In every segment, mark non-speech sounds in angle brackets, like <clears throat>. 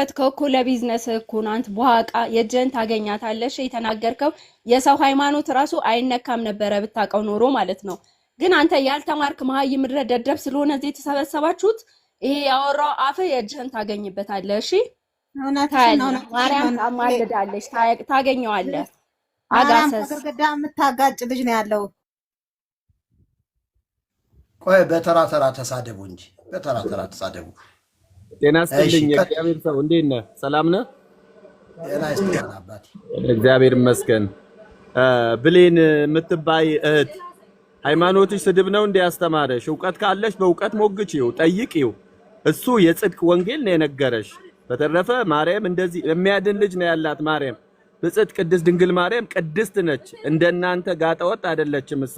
ከትከው እኮ ለቢዝነስ እኮ ነው። በኋቃ የእጅህን ታገኛታለሽ። የተናገርከው የሰው ሃይማኖት ራሱ አይነካም ነበረ ብታውቀው ኖሮ ማለት ነው። ግን አንተ ያልተማርክ መሀይ ምድረ ደደብ ስለሆነ እዚህ የተሰበሰባችሁት ይሄ ያወራው አፈ የእጅህን ታገኝበታለህ። እሺ ማርያም ታማልዳለች፣ ታገኘዋለህ። አጋሰስ ግድግዳ የምታጋጭ ልጅ ነው ያለው። ቆይ በተራ ተራ ተሳደቡ እንጂ በተራ ተራ ተሳደቡ። ጤና ይስጥልኝ። እግዚአብሔር ሰው እንዴት ነህ? ሰላም ነህ? ጤና አባቴ። እግዚአብሔር ይመስገን። ብሌን የምትባይ እህት ሃይማኖትሽ ስድብ ነው እንዴ ያስተማረሽ። እውቀት ካለሽ በእውቀት ሞግቺው፣ ጠይቂው። እሱ የጽድቅ ወንጌል ነው የነገረሽ። በተረፈ ማርያም እንደዚህ የሚያድን ልጅ ነው ያላት። ማርያም ብጽዕት ቅድስት ድንግል ማርያም ቅድስት ነች። እንደናንተ ጋጠወጥ አይደለችም እሷ።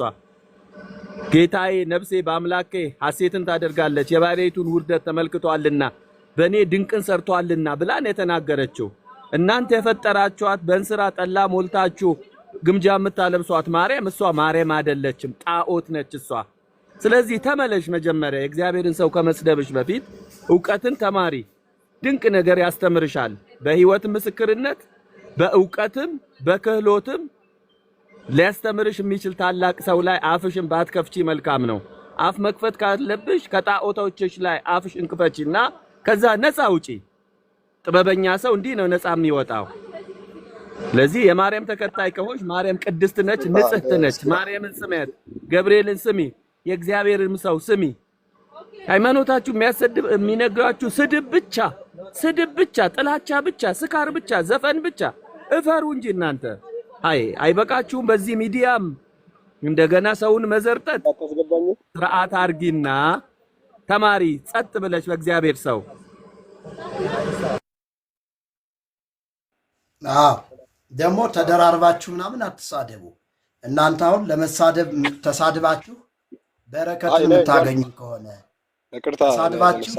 ጌታዬ ነፍሴ በአምላኬ ሐሴትን ታደርጋለች የባሪያይቱን ውርደት ተመልክቷልና በእኔ ድንቅን ሰርቷልና ብላ ነው የተናገረችው። እናንተ የፈጠራችኋት በእንስራ ጠላ ሞልታችሁ ግምጃ የምታለብሷት ማርያም እሷ ማርያም አይደለችም፣ ጣዖት ነች እሷ። ስለዚህ ተመለሽ፣ መጀመሪያ የእግዚአብሔርን ሰው ከመስደብሽ በፊት እውቀትን ተማሪ። ድንቅ ነገር ያስተምርሻል፣ በህይወት ምስክርነት፣ በእውቀትም በክህሎትም ሊያስተምርሽ የሚችል ታላቅ ሰው ላይ አፍሽን ባትከፍቺ መልካም ነው። አፍ መክፈት ካለብሽ ከጣዖቶችሽ ላይ አፍሽን ክፈቺና ከዛ ነፃ ውጪ። ጥበበኛ ሰው እንዲህ ነው ነፃ የሚወጣው። ለዚህ የማርያም ተከታይ ከሆንሽ ማርያም ቅድስት ነች፣ ንጽህት ነች። ማርያምን ስሚያት፣ ገብርኤልን ስሚ፣ የእግዚአብሔርን ሰው ስሚ። ሃይማኖታችሁ የሚያሰድብ የሚነግራችሁ ስድብ ብቻ ስድብ ብቻ፣ ጥላቻ ብቻ፣ ስካር ብቻ፣ ዘፈን ብቻ። እፈሩ እንጂ እናንተ። አይ አይበቃችሁም? በዚህ ሚዲያም እንደገና ሰውን መዘርጠት ስርዓት አርጊና ተማሪ ጸጥ ብለሽ በእግዚአብሔር ሰው ደግሞ ተደራርባችሁ ምናምን አትሳደቡ። እናንተ አሁን ለመሳደብ ተሳድባችሁ በረከት የምታገኙ ከሆነ ተሳድባችሁ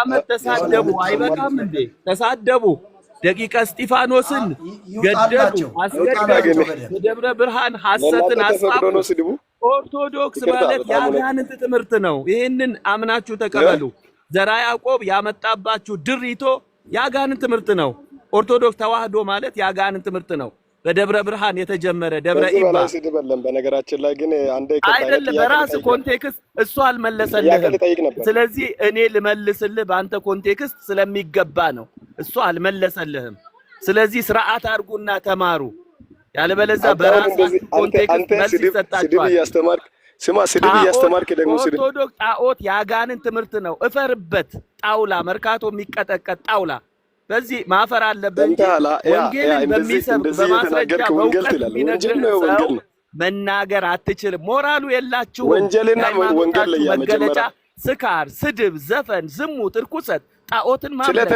ዓመት ተሳደቡ አይበቃም እንዴ? ተሳደቡ ደቂቀ እስጢፋኖስን ገደሉ፣ አስገደሉ። በደብረ ብርሃን ሐሰትን አስጻፉ። ኦርቶዶክስ ማለት የአጋንንት ትምህርት ነው። ይህንን አምናችሁ ተቀበሉ። ዘራ ያዕቆብ ያመጣባችሁ ድሪቶ የአጋንንት ትምህርት ነው። ኦርቶዶክስ ተዋህዶ ማለት የአጋንንት ትምህርት ነው። በደብረ ብርሃን የተጀመረ ደብረ ኢባ በነገራችን ላይ ግን አንዴ አይደለም፣ በራስ ኮንቴክስት እሱ አልመለሰልህም። ስለዚህ እኔ ልመልስልህ በአንተ ኮንቴክስት ስለሚገባ ነው። እሱ አልመለሰልህም። ስለዚህ ስርዓት አድርጉና ተማሩ። ያለበለዚያ በራስ ኮንቴክስት መልስ ይሰጣቸዋል። ስማ፣ ስድብ እያስተማርክ ደግሞ ስድብ ኦርቶዶክስ ጣዖት ያጋንን ትምህርት ነው። እፈርበት። ጣውላ መርካቶ የሚቀጠቀጥ ጣውላ በዚህ ማፈር አለበት ወንጌልን በሚሰብክ በማስረጃ በእውቀት ሰው መናገር አትችልም። ሞራሉ የላችሁ ወንጀልና ወንጌል መገለጫ ስካር፣ ስድብ፣ ዘፈን፣ ዝሙት፣ እርኩሰት፣ ጣዖትን ማምለክ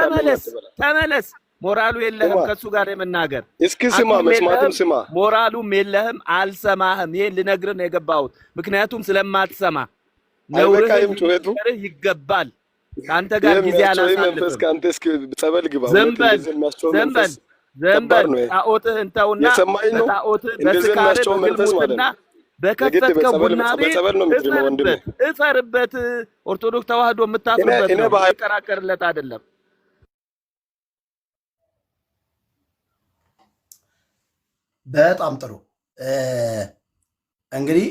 ተመለስ ተመለስ። ሞራሉ የለህም ከእሱ ጋር የመናገር እስኪ ስማ፣ መስማትም ስማ፣ ሞራሉም የለህም። አልሰማህም። ይሄን ልነግርህ ነው የገባሁት፣ ምክንያቱም ስለማትሰማ ነውርህ ይገባል ከአንተ ጋር ጊዜ አላሳልፍም። ጸበል ግባ። ዘንበል ዘንበል ዘንበል ጣዖትህ እንተውና በጣዖትህ በስካርህ በዝሙትና በከፈትከው ቡና ቤት እፈርበት ኦርቶዶክስ ተዋህዶ የምታፍርበት ነው፣ የሚከራከርለት አይደለም። በጣም ጥሩ እንግዲህ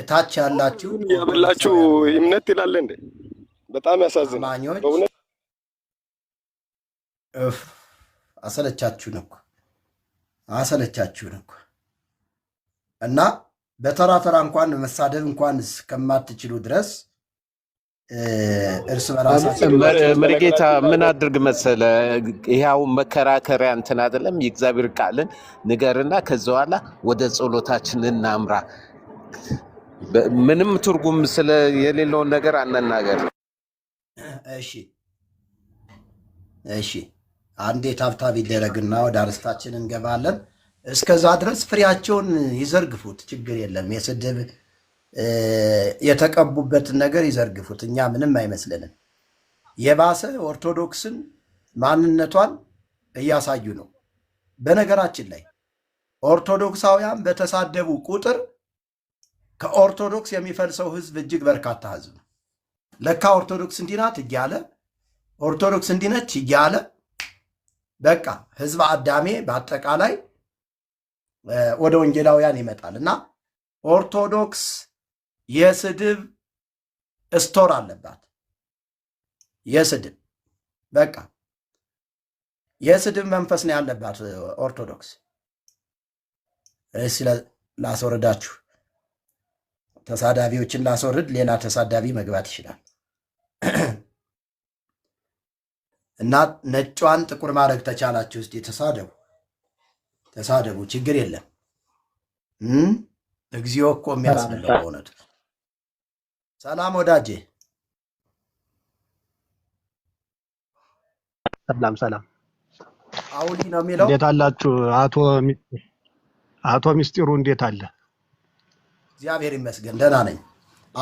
እታች ያላችሁ ያበላችሁ እምነት ይላል እንዴ በጣም ያሳዝናል። በእውነት አሰለቻችሁ ነው አሰለቻችሁ ነው እና በተራ ተራ እንኳን መሳደብ እንኳን እስከማትችሉ ድረስ እርስ በራሳቸው መርጌታ ምን አድርግ መሰለ ይኸው መከራከሪያ እንትን አይደለም። የእግዚአብሔር ቃልን ንገርና ከዚ በኋላ ወደ ጸሎታችን እናምራ። ምንም ትርጉም ስለ ስለሌለውን ነገር አንናገር <clears throat> እሺ እሺ፣ አንዴ ታብታብ ይደረግና ወደ አርስታችን እንገባለን። እስከዛ ድረስ ፍሬያቸውን ይዘርግፉት፣ ችግር የለም። የስድብ የተቀቡበትን ነገር ይዘርግፉት፣ እኛ ምንም አይመስልንም። የባሰ ኦርቶዶክስን ማንነቷን እያሳዩ ነው። በነገራችን ላይ ኦርቶዶክሳውያን በተሳደቡ ቁጥር ከኦርቶዶክስ የሚፈልሰው ህዝብ እጅግ በርካታ ህዝብ ነው። ለካ ኦርቶዶክስ እንዲናት እያለ ኦርቶዶክስ እንዲነች እያለ በቃ ህዝብ አዳሜ በአጠቃላይ ወደ ወንጌላውያን ይመጣል እና ኦርቶዶክስ የስድብ ስቶር አለባት። የስድብ በቃ የስድብ መንፈስ ነው ያለባት ኦርቶዶክስ። ላስወርዳችሁ፣ ተሳዳቢዎችን ላስወርድ። ሌላ ተሳዳቢ መግባት ይችላል። እና ነጯን ጥቁር ማድረግ ተቻላችሁ። ውስጥ ተሳደቡ፣ ተሳደቡ፣ ችግር የለም። እግዚኦ እኮ የሚያስብለው በእውነቱ። ሰላም ወዳጄ፣ ሰላም ሰላም። አውሊ ነው የሚለው። እንዴት አላችሁ? አቶ ሚስጢሩ እንዴት አለ? እግዚአብሔር ይመስገን ደህና ነኝ።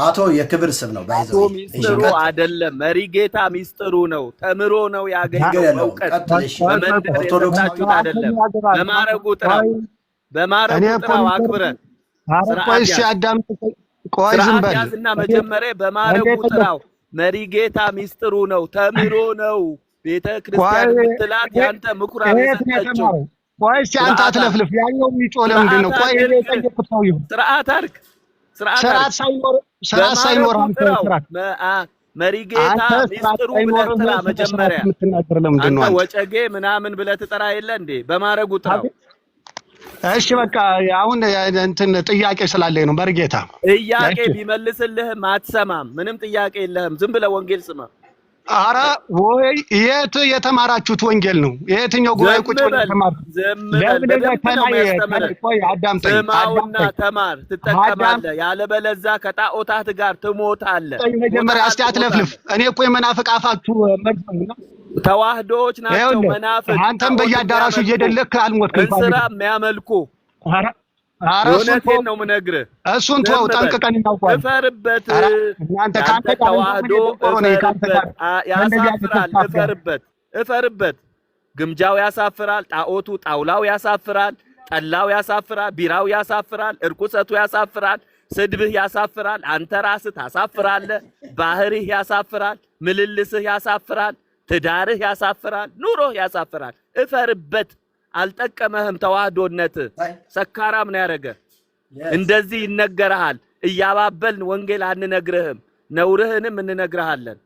አቶ የክብር ስም ነው። ባይዘው ሚስጥሩ አይደለም፣ መሪ ጌታ ሚስጥሩ ነው። ተምሮ ነው ያገኘው እውቀት። በማረጉ በማረጉ ጥራው። መጀመሪያ በማረጉ ጥራው። መሪ ጌታ ሚስጥሩ ነው፣ ተምሮ ነው። ቤተ ክርስቲያን ምትላት ያንተ ምኩራብ የሰጠችው ቆይ፣ እስኪ አንተ አትለፍልፍ። ያኛው የሚጮህ ለምንድን ነው? ቆይ ስርዓት አድርግ። ስርዓት ሳይኖር ስርዓት ሳይኖር ወጨጌ ምናምን ብለህ ትጠራ የለ እንዴ? በማረጉ ጥራው። እሺ በቃ አሁን እንትን ጥያቄ ስላለኝ ነው። ጥያቄ ቢመልስልህም አትሰማም። ምንም ጥያቄ የለህም። ዝም ብለህ ወንጌል ስማ። አረ ወይ የት የተማራችሁት ወንጌል ነው? የትኛው ጉባኤ ቁጭ ብለህ የተማርኩት? ስማውና ተማር ትጠቀማለህ፣ ያለበለዚያ ከጣዖታት ጋር ትሞታለህ። መጀመሪያ እስቲ አትለፍልፍ። እኔ እኮ የመናፍቅ አፋችሁ ተዋህዶዎች ናቸው መናፍቅ። አንተም በየአዳራሹ እየደለክ አልሞትክም። እንስራ የሚያመልኩ እውነቴን ነው የምነግርህ። እሱን ተው ጠንቅቀን እናውቀዋለን። እፈርበት እናንተ ከአንተ ተዋህዶ ያሳፍራል። እፈርበት እፈርበት። ግምጃው ያሳፍራል፣ ጣዖቱ ጣውላው ያሳፍራል፣ ጠላው ያሳፍራል፣ ቢራው ያሳፍራል፣ እርቁሰቱ ያሳፍራል፣ ስድብህ ያሳፍራል። አንተ ራስህ ታሳፍራለህ። ባህሪህ ያሳፍራል፣ ምልልስህ ያሳፍራል፣ ትዳርህ ያሳፍራል፣ ኑሮህ ያሳፍራል። እፈርበት አልጠቀመህም። ተዋህዶነት ሰካራም ነው ያደረገ። እንደዚህ ይነገርሃል። እያባበልን ወንጌል አንነግርህም፣ ነውርህንም እንነግርሃለን።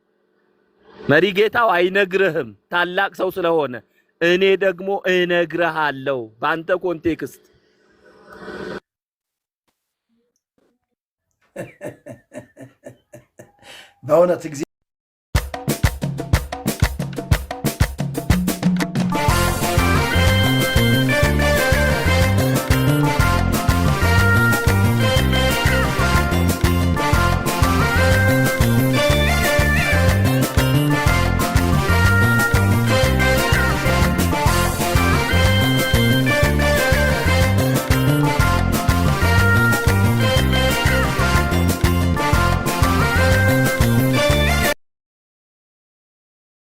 መሪ ጌታው አይነግርህም ታላቅ ሰው ስለሆነ። እኔ ደግሞ እነግርሃለሁ በአንተ ኮንቴክስት በእውነት